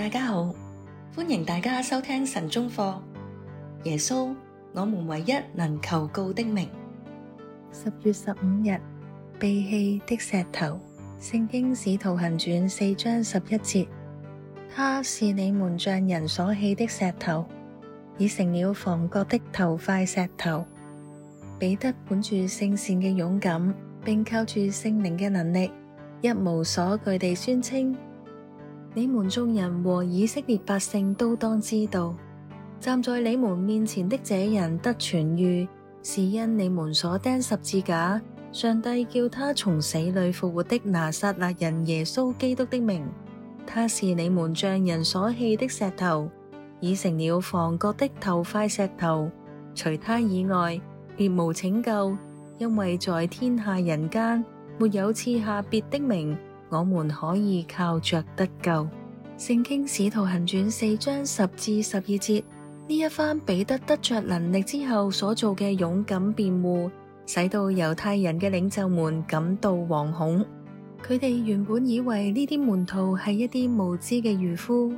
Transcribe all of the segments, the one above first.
大家好，歡迎大家收聽神中課。耶穌，我們唯一能求告的名。十月十五日，被棄的石頭，聖經使徒行傳四章十一節，他是你們匠人所棄的石頭，已成了房角的頭塊石頭。彼得本住聖善嘅勇敢，並靠住聖靈嘅能力，一無所懼地宣稱。，你們眾人和以色列百姓都當知道，站在你們面前的這人得痊癒，是因你們所釘十字架，上帝叫他從死裏復活的拿撒勒人耶穌基督的名，他是你們匠人所棄的石頭，已成了房角的頭塊石頭，除他以外，別無拯救，因為在天下人間沒有賜下別的名我們可以靠着得救。聖經使徒行傳四章十至十二節。呢一番彼得得着能力之後所做嘅勇敢辯護，使到猶太人嘅領袖們感到惶恐。佢哋原本以為呢啲門徒係一啲無知嘅漁夫，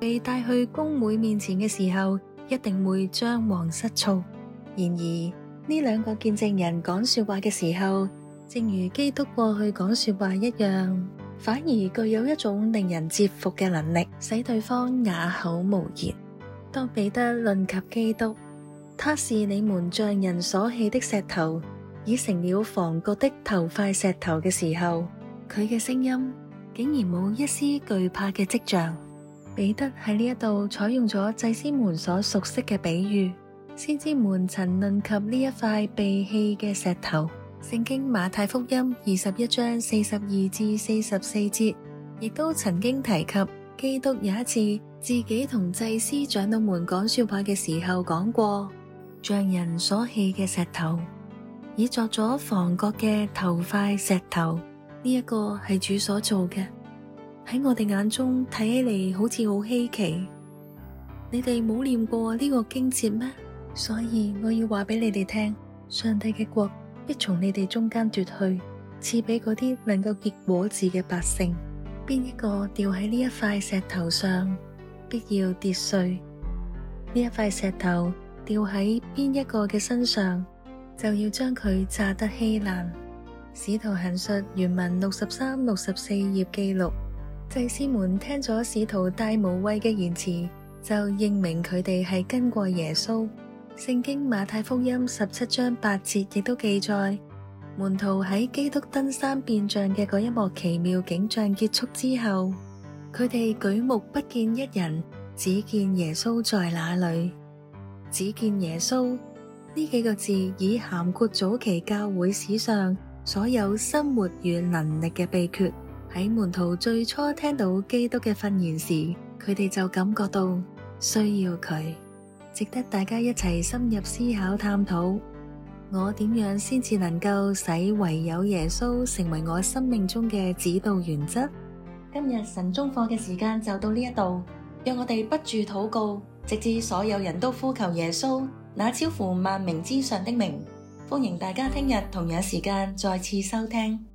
被帶去公會面前嘅時候，一定會張皇失措。然而呢兩個見證人講說話嘅時候，正如基督過去講說話一樣，反而具有一種令人折服嘅能力，使對方啞口無言。當彼得論及基督，他是你們匠人所棄的石頭，已成了房角的頭塊石頭嘅時候，佢嘅聲音竟然冇一絲懼怕嘅跡象。彼得喺呢一度採用咗祭司們所熟悉嘅比喻，先知們曾論及呢一塊被棄嘅石頭。聖經馬太福音二十一章四十二至四十四節，亦都曾經提及基督有一次自己同祭司長老們講說話嘅時候講過，像人所棄嘅石頭，已作咗房角嘅頭塊石頭。呢、這、一個係主所做嘅，喺我哋眼中睇起嚟好似好稀奇。你哋冇念過呢個經節咩？所以我要話俾你哋聽，上帝嘅國，必從你哋中間奪去，賜俾嗰啲能夠結果子嘅百姓。邊一個掉喺呢一塊石頭上，必要跌碎；呢一塊石頭掉喺邊一個嘅身上，就要將佢炸得稀爛。使徒行述原文六十三、六十四頁記錄，祭司們聽咗使徒大無畏嘅言辭，就認明佢哋係跟過耶穌。聖經馬太福音十七章八節亦都記載，門徒喺基督登山變像嘅嗰一幕奇妙景象結束之後，佢哋舉目不見一人，只見耶穌在那裡，只見耶穌呢幾個字，已涵括早期教會史上所有生活與能力嘅祕訣。喺門徒最初聽到基督嘅訓言時，佢哋就感覺到需要佢。值得大家一齊深入思考探討，我點樣先至能夠使唯有耶穌成為我生命中嘅指導原則？今日神中課嘅時間就到呢一度，讓我哋不住禱告，直至所有人都呼求耶穌，那超乎萬名之上的名。歡迎大家聽日同樣時間再次收聽。